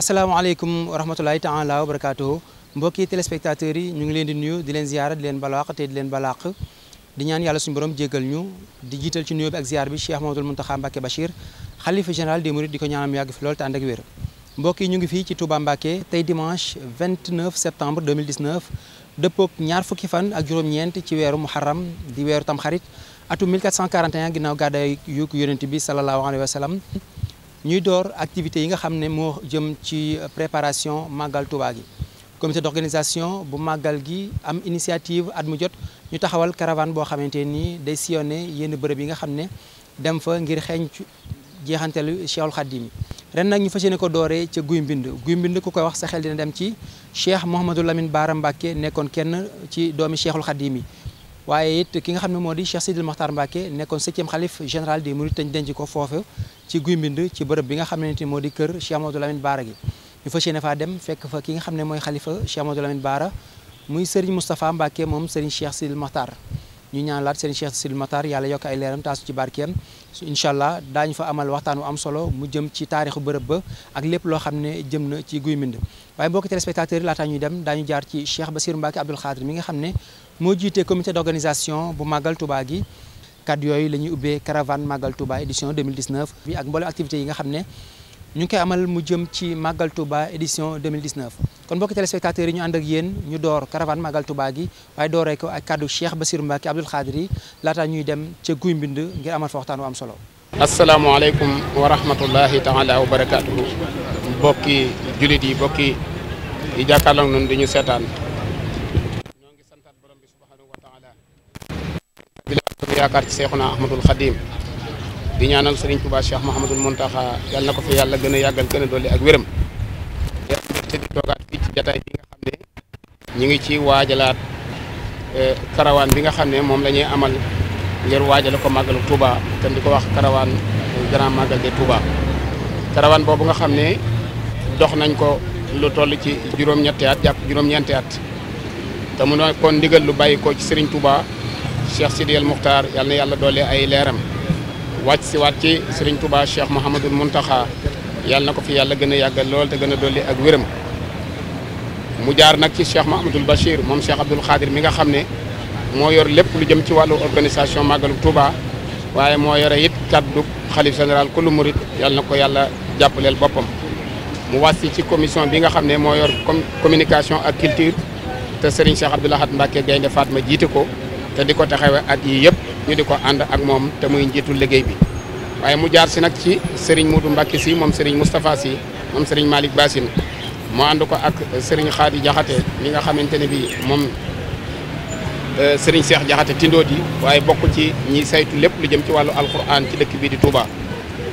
asalaamaaleykum wa rahmatulahi taala wa barakaatuhu mbokki téléspectateurs yi ñu ngi leen di nuyu di leen ziara di leen balaax te di leen balaax di ñaan yàlla suñu borom jéggal ñu di jiital ci nuyoo bi ak ziar bi Cheikh Mamadou Mountakha Mbacké Bachir xalifa général des mourides di ko ñaanal mu yàgg fi lool te ànd ak wér mbokk yi ñu ngi fii ci Touba Mbacké tey dimanche 29 septembre 2019 dëppoog ñaar fukki fan ak juróom-ñeent ci weeru muharram di weeru tamxarit atum 1441 ginnaaw gàddaay yu yonent bi sallallahu alayhi wa sallam ñuy door activités yi nga xam ne moo jëm ci préparation màggal Touba gi comité d'organisation bu màggal gi am initiative at mu jot ñu taxawal caravane boo xamante nii day sillonné yenn bërëb yi nga xam ne dem fa ngir xeeñ jeexantelu Cheikhul Khadim ren nag ñu fas yéene ko dooree ca guy mbind guy mbind ku koy wax sa xel dina dem ci Cheikh Mouhamadou Lamine Bara Mbacké nekkoon kenn ci doomi Cheikhul Khadim yi waaye it ki nga xam ne moo di Cheikh Sidil Mokhtar Mbacké nekkoon septième xalif général des Mourides tañ denc ko foofu ci guy mbind ci bërëb bi nga xam ne ni moo di kër Cheikh Amadou Lamine Baara gi ñu fas yéene faa dem fekk fa ki nga xam ne mooy xalifa Cheikh Amadou Lamine Baara muy Serigne Moustapha Mbacké moom Serigne Cheikh Sidil Mokhtar ñu ñaanalaat seen Cheikh Sidil Matar yàlla yokk ay leeram taasu ci barkeem incha daañu fa amal waxtaan wu am solo mu jëm ci taarixu bërëb ba ak lépp loo xam ne jëm na ci guy mbind waaye mbokki téléspectateurs yi laataa ñuy dem daañu jaar ci Cheikh Bassirou Mbacké Abdoul Khadr mi nga xam ne moo jiite comité d'organisation bu màggal Touba gi kaddu yooyu la ubbee caravane màggal Touba édition 2019 bi ak mboolem activités yi nga xam ne ñu ngi koy amal mu jëm ci màggal Touba édition 2019 kon mbokki téléspectateurs yi ñu ànd ak yéen ñu door caravane Magal Touba gi waaye dooree ko ak kaddu Cheikh Bassirou Mbacké Abdoul Khadir yi laata ñuy dem ca Guy Mbind ngir amal fa waxtaan wu am solo. asalaamaaleykum wa rahmatullahi taala wa barakaatuhu mbokki jullit yi mbokki yi jàkkaarloog noonu di ñu seetaan. ñoo ngi santaat borom bi subhanahu wa taala bi la yaakaar ci Seexuna Ahmadul Xadim di ñaanal Serigne Touba Cheikh Mouhamadul Mountakha yàlla na ko fi yàlla gën a yàggal gën a dolli jataay bi nga xam ne ñu ngi ci waajalaat eh, karawaan bi nga xam ne moom lañuy ñuy amal ngir waajale ko màggalu Touba te di ko wax karawaan grand màggal de Touba karawaan boobu nga xam ne dox nañ ko lu toll ci juróom-ñetti at jàpp juróom-ñeenti at te mu doon kon ndigal lu bàyyi ko ci Serigne Touba Cheikh Sidiel Muxtaar yal na yàlla doole ay leeram wàcc si waat ci Serigne Touba Cheikh Mouhamadul Mountakha yàlla na ko fi yàlla gën a yàggal lool te gën a dolli ak wéram mu jaar nag ci Cheikh Mahamadoul Bachir moom Cheikh Abdoul Khadir mi nga xam ne moo yor lépp lu jëm ci wàllu organisation màggalu Touba waaye moo yore it kaddu xalif général kullu murit yal na ko yàlla jàppaleel boppam. mu wàcc ci commission bi nga xam ne moo yor communication ak culture te Serigne Cheikh Abdoul Ahad Mbacké Gaynde ma jiite ko te di ko taxawee ak yi yëpp ñu di ko ànd ak moom te muy njiitu liggéey bi. waaye mu jaar si nag ci Serigne Modou Mbacké si moom Serigne Moustapha si moom Serigne Malick Bassine. mu ànd ko ak Serigne Khady Diakhaté mi nga xamante ne bii moom euh, Serigne Cheikh Diakhaté tindoot yi waaye bokk ci ñi saytu lépp lu jëm ci wàllu alquran ci dëkk bii di Touba.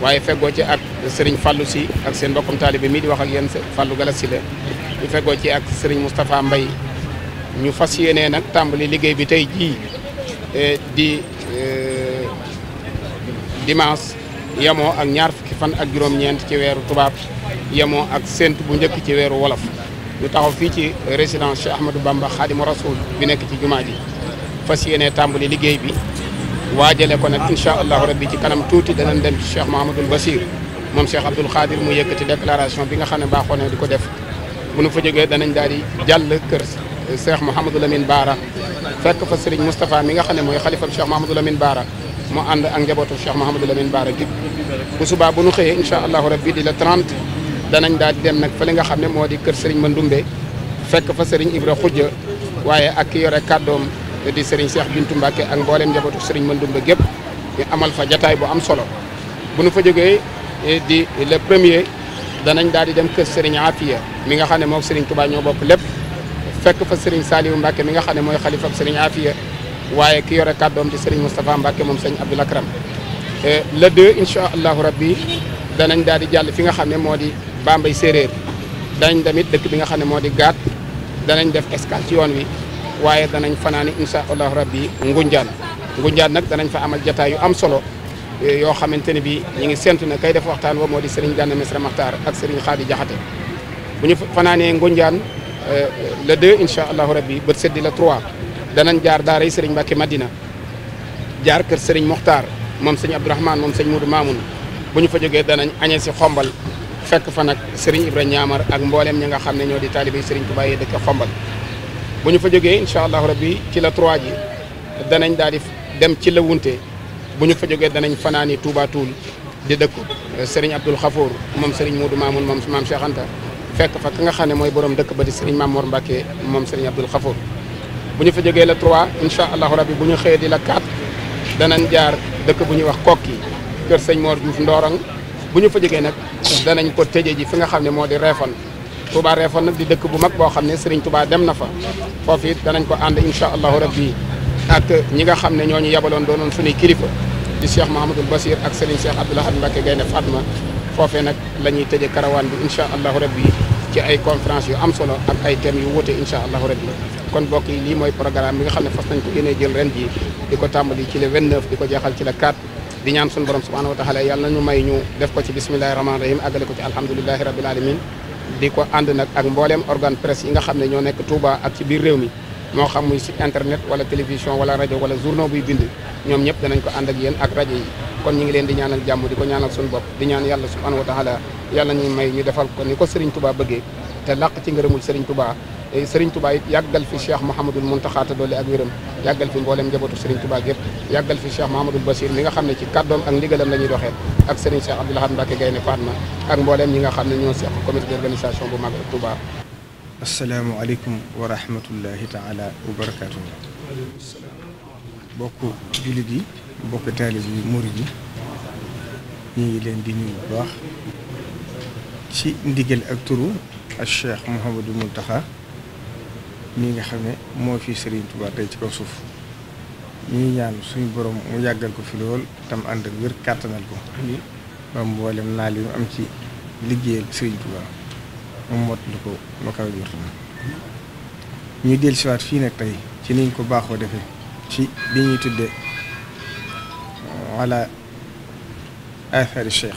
waaye fegoo ci ak sëriñ fallu si ak seen mbokkum taalibe mii di wax ak yéen Fallou Galas si la ñu feggoo ci ak Serigne Moustapha Mbaye ñu fas yéenee nag tàmbali liggéey bi tey jii euh, di euh, dimanche yemoo ak ñaar fukki fan ak juróom-ñeent ci weeru tubaab. yemoo ak sént bu njëkk ci weeru wolof ñu taxaw fii ci résidence Cheikh Ahmadou Bamba Khadimu Rasoul bi nekk ci jumaa ji fas yéene tàmbali liggéey bi waajale ko nag incha allahu rabbi ci kanam tuuti danañ dem ci Cheikh Mahamadul Basir moom Cheikh Abdoul Khadir mu yëkkati déclaration bi nga xam ne baaxoo na di ko def bu nu fa jógee danañ di jàll kër eh, Cheikh Mouhamadul Amin Baara fekk fa Serigne Moustapha mi nga xam ne mooy xalifam Cheikh Mouhamadul Amin Baara mu ànd ak njabootu Cheikh Mouhamadul Amin di la 30 danañ daal di dem nag fa li nga xam ne moo di kër Serigne Mandoumbe fekk fa Serigne Ibra Khoudia waaye ak ki yore kàddoom di Serigne seex bintu Mbacke ak mboolem njabootu Serigne Mandoumbe gépp ñu amal fa jataay bu am solo bu nu fa jógee eh, di le premier danañ daal di dem kër Serigne Afia mi nga xam ne moom Serigne Touba ñoo bokk lépp fekk fa Serigne Saliou Mbacke mi nga xam ne mooy xalifa Serigne Afia waaye ki yore kàddoom di Serigne Moustapha Mbacke moom Serigne Abdoul Akram eh, le deux incha allahu rabbi danañ daal di jàll fi nga xam ne moo di. Bambey séeréer danañ damit dëkk bi nga xam ne moo di gaat danañ def escale ci yoon wi waaye danañ fanaani incha allahu rabbi ngunjaan ngunjaan nag danañ fa amal jataay yu am solo eh, yoo xamante ne bi ñu ngi séntu na kay def waxtaan wa moo di Serigne Gana Messere Makhtar ak Serigne Khady Diakhaté bu ñu fanaanee ngunjaan eh, le 2 incha allahu rabbi bët seddi la 3 danañ jaar daaray Serigne Mbacke Madina jaar kër Serigne Mokhtar moom sëñ Abdourahmane moom sëñ Moudou Mamoun bu ñu fa jógee danañ añee si fekk fa nag Serigne Ibra Ñaamar ak mbooleem ñi nga xam ne ñoo di taalibe Serigne Touba yi dëkk Xombal bu ñu fa jógee incha allahu rabbi ci la troit ji danañ daal di dem ci la wunte bu ñu fa jógee danañ fanaani Touba Toul di dëkku Serigne Abdoul Khafour moom Serigne Modou Mamoun moom maam Cheikh Anta fekk fa ki nga xam ne mooy borom dëkk ba di Serigne Mame Mor Mbacke moom Serigne Abdoul Khafour bu ñu fa jógee la trois incha allahu rabbi bu ñu xëyee di la quatre danañ jaar dëkk bu ñuy wax kokki kër sëñ Mor Diouf bu ñu fa jegee nag danañ ko tëjee ji fi nga xam ne moo di Réfane Touba Réfane nag di dëkk bu mag boo xam ne Serigne Touba dem na fa foofu it danañ ko ànd incha allahu rabbi ak ñi nga xam ne ñoo ñu yabaloon doonoon suñuy kilifa di Cheikh Mahamadul Basir ak Serigne Cheikh Abdoul Ahad Mbacké Gaynde Fatma foofee nag la ñuy tëjee karawaan bi incha allahu rabbi ci ay conférence yu am solo ak ay thèmes yu wute incha allahu rabbi kon mbokk yi lii mooy programme bi nga xam ne fas nañ ko yéene jël ren jii di ko tàmbali ci le 29 di ko jeexal ci le 4. di ñaan suñu borom subhanahu wa taala yàlla na ñu may ñu def ko ci bismillahi rahmani rahim àggale ko ci alhamdulilahi rabil alamin di ko ànd nag ak mbooleem organe presse yi nga xam ne ñoo nekk Touba ak ci biir réew mi moo xam muy site internet wala télévision wala rajo wala journaux buy bind ñoom ñëpp danañ ko ànd ak yéen ak rajo yi kon ñu ngi leen di ñaanal jàmm di ko ñaanal suñu bopp di ñaan yàlla subhanahu wa taala yàlla ñuy may ñu defal ko ni ko Serigne Touba bëggee te làq ci ngërëmul Serigne Touba Eh, Serigne Touba it yàggal fi Cheikh Mouhamadul Mountakha te doole ak wéram yàggal fi mboolem njabootu Serigne Touba gépp yàggal fi Cheikh Mouhamadul Bachir mi nga xam ne ci kàddoom ak ndigalam la ñuy doxee ak Serigne Cheikh Abdoul Ahad Mbacké Gaïndé Fatma ak mboolem ñi nga xam ne ñoo seq comité d'organisation bu mag Touba. asalaamaaleykum wa rahmatullahi taala wa barakaatu. mbokku jullit yi mbokku taalib yi murid yi ñu ngi leen di nuyu bu baax ci ndigal ak turu ak Cheikh Mouhamadul Mountakha. mi nga xam ne moo fi Serigne Touba tey ci kaw suuf ñuy ñaan suñu borom mu yàggal ko fi lool tam ànd ak wér kàttanal ko ba mboolem naal yu am ci liggéeyal Serigne Touba mu mot lu ko lu kaw fii nag tey ci niñ ko baaxoo defee ci li ñuy tudde wala euh, athari cheikh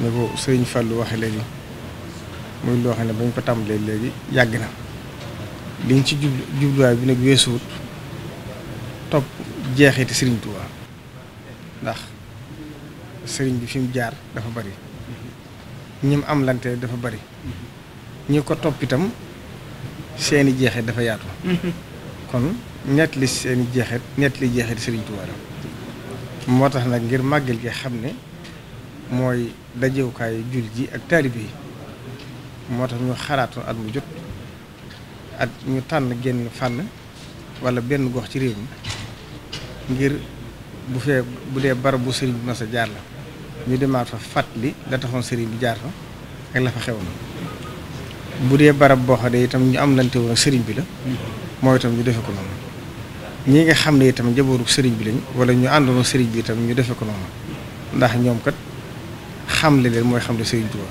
ni ko Serigne lu waxe léegi muy loo xam ne bañ ko tàmbalee léegi yàgg na liñ ci jublu jubluwaay bi nag weesuwut topp jeexiti sëriñ ndax sëriñ bi fi mu jaar dafa bari ñim am lante dafa bari ñi ko topp itam seeni jeexit dafa yaatu kon ñett li seeni jeexit ñett li jeexit moo tax nag ngir màggal gi xam ne mooy dajewukaayu jul ji ak taalibe yi moo tax ñu xalaatoon at mu jot at ñu tànn génn fànn wala benn gox ci réew mi ngir bu fee bu dee barab bu sëriñ bi mas a jaar la ñu demaat fa fàttali da taxoon sëriñ bi jaar fa ak la fa xewoon bu dee barab boo xam itam ñu am lante woon sëriñ bi la mooy itam ñu defe ko noonu ñi nga xam ne itam njabootu sëriñ bi lañ wala ñu àndoonoo sëriñ bi itam ñu defe ko noonu ndax ñoom kat xamle leen mooy xam ne sëriñ Touba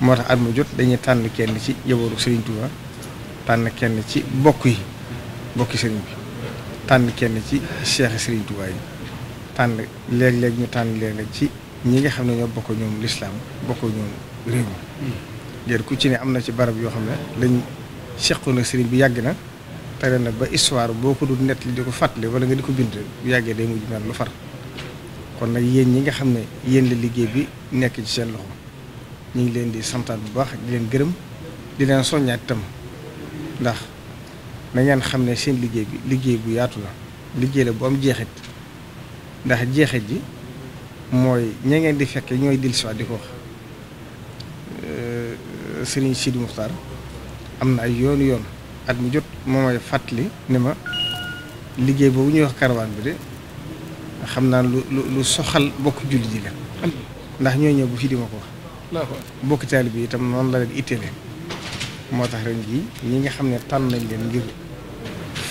moo tax at mu jot dañuy tànn kenn ci njabootu sëriñ Touba tànn kenn ci bokk yi bokki sëriñ bi tànn kenn ci cheikh sëriñ Tuubaa yi tànn léeg-léeg ñu tànn léeg-léeg ci ñi nga xam ne ñoo bokk ñoom lislaam bokk ñoom réew mi ngir ku ci ne am na ci barab yoo xam ne lañ seqoon ak sëriñ bi yàgg na tere na ba histoire boo ko dul nett li di ko fàttale wala nga di ko bind bu yàggee day mujj naan lu far kon nag yéen ñi nga xam ne yéen la liggéey bi nekk ci seen loxo ñu ngi leen di santaat bu baax di leen gërëm di leen soññaat ndax dangeen xam ne seen liggéey bi liggéey bu yaatu la liggéey la bu am jeexit ndax jeexit ji mooy ña ngeen di fekke ñooy dil di ko wax euh, Serigne Sidi Muxtaar am na ay yoon yoon at mu jot moom fàttali ne ma liggéey boobu ñuy wax karawaan bi de xam naa lu soxal bokk jullit yi la ndax ñoo bu fi di ko wax bokk taalibe bi itam noonu la leen itteele moo tax ren jii ñi nga xam ne tànn nañ leen ngir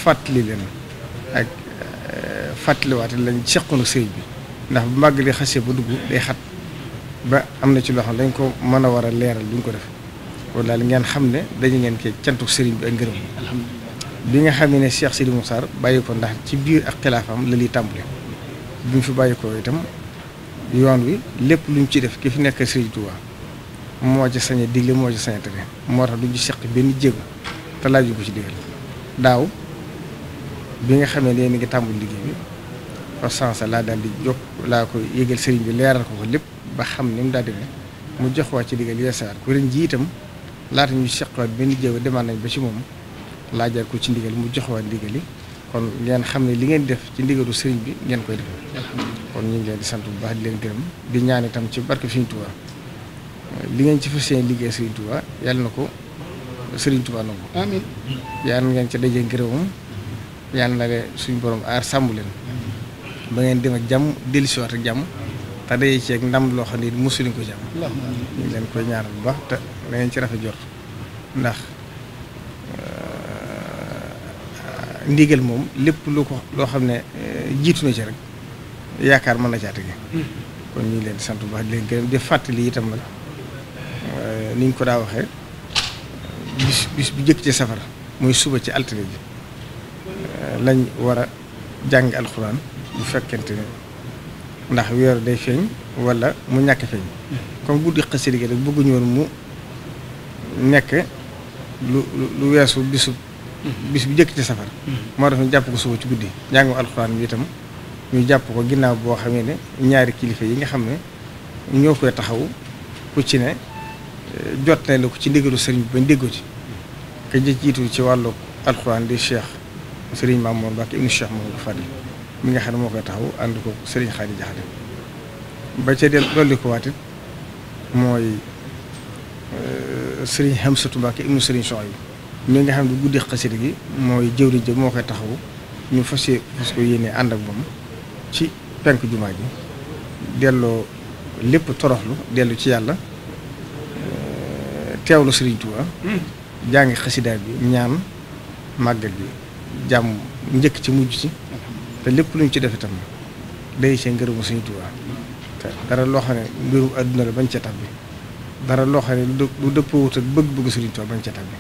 fàttali leen ak euh, fàttaliwaate lañ seqoon sëriñ bi ndax bu màgg li xasee ba dugg day xat ba am na ci loo xam ne dañ ko mën a war a leeral luñ ko def wala daal ngeen xam ne dañu ngeen koy cantuk sëriñ bi ak ngërëm bi nga xam ne Cheikh Sidi Moussar bàyyi ko ndax ci biir ak xilaafam la liy tàmbale bi mu fi bàyyi ko itam yoon wi lépp luñ mu ci def ki fi nekk sëriñ Tuubaa moo ci sañ a digle moo ci sañ tere moo tax du ñu seq benn jéego te laaj ko ci digal daaw bi nga xamee ne yéen a ngi tàmbali liggéey bi par sens laa daal di jóg laa ko yëgal sëriñ bi leeral ko ko lépp ba xam ni mu daa demee mu jox waa ci digal yeesaar ko ren ji itam laata ñu seqwaat benn jéego demaat nañ ba ci moom laajaat ko ci ndigal mu jox waa ndigal yi kon ngeen xam ne li ngeen def ci ndigalu sëriñ bi ngeen koy def kon ñu ngi leen di sant bu baax di leen gërëm di ñaan itam ci barke Sëriñ Tuubaa li ngeen ci fas yéene liggéey Serigne Touba yàlla na ko Serigne Touba nangu. amiin yàlla ngeen ca daje ngërëmam yàlla na suñu borom aar sàmm leen ba ngeen dem ak jàmm dellusiwaat ak jàmm te daje ci ak loo xam ne mosuñu ko jàmm. ñu ngi leen koy ñaar bu baax te na ci rafet jot ndax euh, ndigal moom lépp lu ko loo xam ne euh, jiitu na ci rek yaakaar mën na caa tege hmm. kon ñu leen sant bu baax di leen gërëm di fàttali itam nag. ni ñu ko daa waxee bis bis bu jëkk ci safara muy suba ci altine bi euh, lañ war a jàng alxuraan bu fekkente ne ndax weer day feeñ wala mu ñàkk feeñ comme guddi xasida rek bëgguñu woon mu nekk lu lu weesu bisu bis bu jëkk ci safar moo tax ñu jàpp ko suba ci guddi jàngu alxuraan bi itam ñu jàpp ko ginnaaw boo xamee ne ñaari kilifa yi nga xam ne ñoo koy taxaw ku ci ne jot jottali ko ci ndigalu sëriñ bi bañ déggoo ci ka jiitu ci wàllu alxuraan di cheikh sëriñ Mamour Mbacke ibnu cheikh Mamadou Fadil mi nga xam ne moo koy taxaw ànd ko sëriñ Xaadi Jaxate ba ca del ko waat it mooy euh, sëriñ Hamsatu Mbacke ibnu sëriñ Soxayu mi nga xam ne guddi xasida gi mooy jëwriñ ji moo koy taxaw ñu fas fas ko yéene ànd ak moom ci penk jumaa ji delloo lépp toroxlu dellu ci yàlla teewlu Serigne Touba jàngi xasidaat bi ñaan màggal bi jàmm njëkk ci mujj ci te lépp lu ñu ci def itam day see ngërëmu Serigne Touba te dara loo xam ne mbirum àdduna la bañ ca tab bi dara loo xam ne lu dëppoowut ak bëgg-bëgg Serigne Touba bañ ca tab bi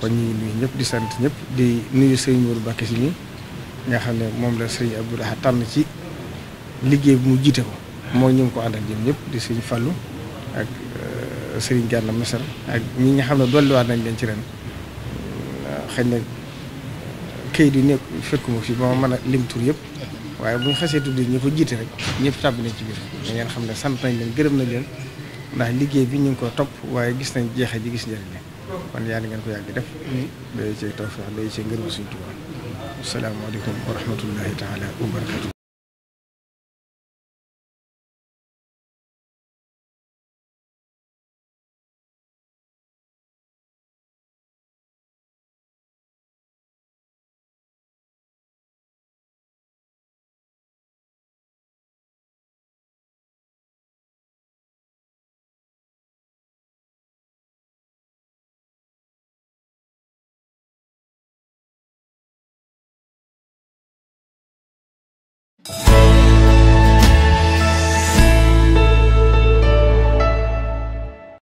kon ñu ngi nuyu ñëpp di sant ñëpp di nuyu Serigne Modou Mbacké si nii nga xam ne moom la Serigne Abdou Lahad tànn ci liggéey bi mu jiite ko moo ñu ko àndal jëm ñëpp di Serigne falu ak Serigne Gana Messere ak ñi nga xam ne dolliwaat nañ leen ci ren xëy na kayit yi nekk fekkuma fi ba ma mën a lim tur yëpp waaye bu ñu xasee tudd ñi ko jiite rek ñëpp tàbb nañ ci biir da ngeen xam ne sant nañ leen gërëm na leen ndax liggéey bi ñu ngi ko topp waaye gis nañ jeexe ji gis njëriñ la kon yàlla ngeen ko yàgg def day cee tawfeex day ngër ngërëm suñu Tuubaa asalaamaaleykum wa rahmatullahi taala wa barakatu